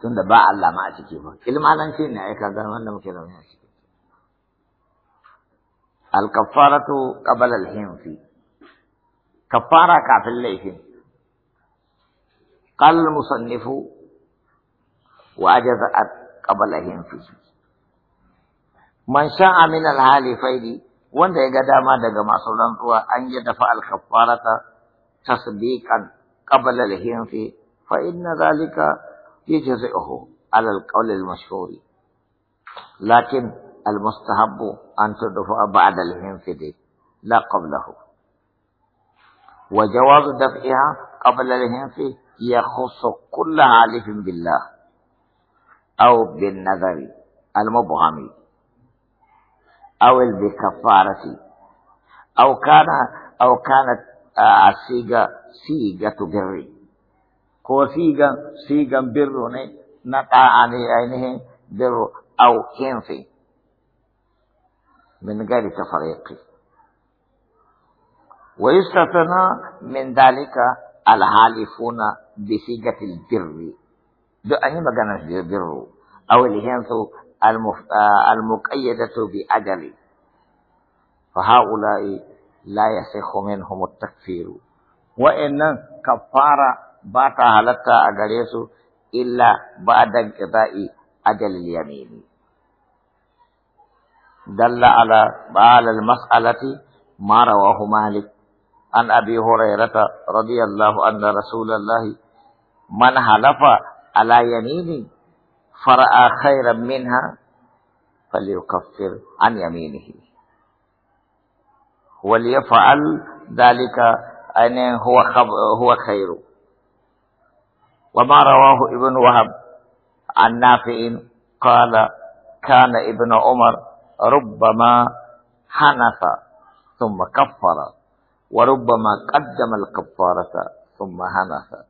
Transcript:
tunda ba Allah ma a ciki ba ilmalanci ne ai kaga wanda muke zaune a ciki al-kaffaratu qabla al-hinfi kaffara kafin laifin قال المصنف وأجز قبل هنفه من شاء من الحالفين wanda ya ga dama daga masu rantsuwa an yi dafa alkafarata tasbiqan qabla al-hinfi fa inna zalika يجزئه على القول المشهور لكن المستحب أن تدفع بعد الانفداد لا قبله وجواز دفعها قبل الانفداد يخص كل عالف بالله أو بالنذر المبهم أو بكفارة أو كان أو كانت آه، الصيغة سيقة بري كو سيغا سيغا بيروني نتا اني اينه برو او كينفي من غير تفريق ويستثنى من ذلك الحالفون بسيغة البر دو اني ما كانش بر او الهنس المقيدة بأجل فهؤلاء لا يصح منهم التكفير وإن كفارة باتا حالتا halatta الا بعد su اجل ba دل على على المسألة ما رواه مالك عن أبي هريرة رضي الله عنه رسول الله من حلف على يمين فرأى خيرا منها فليكفر عن يمينه وليفعل ذلك أن هو هو خير وما رواه ابن وهب عن نافع قال كان ابن عمر ربما حنث ثم كفر وربما قدم الكفارة ثم حنث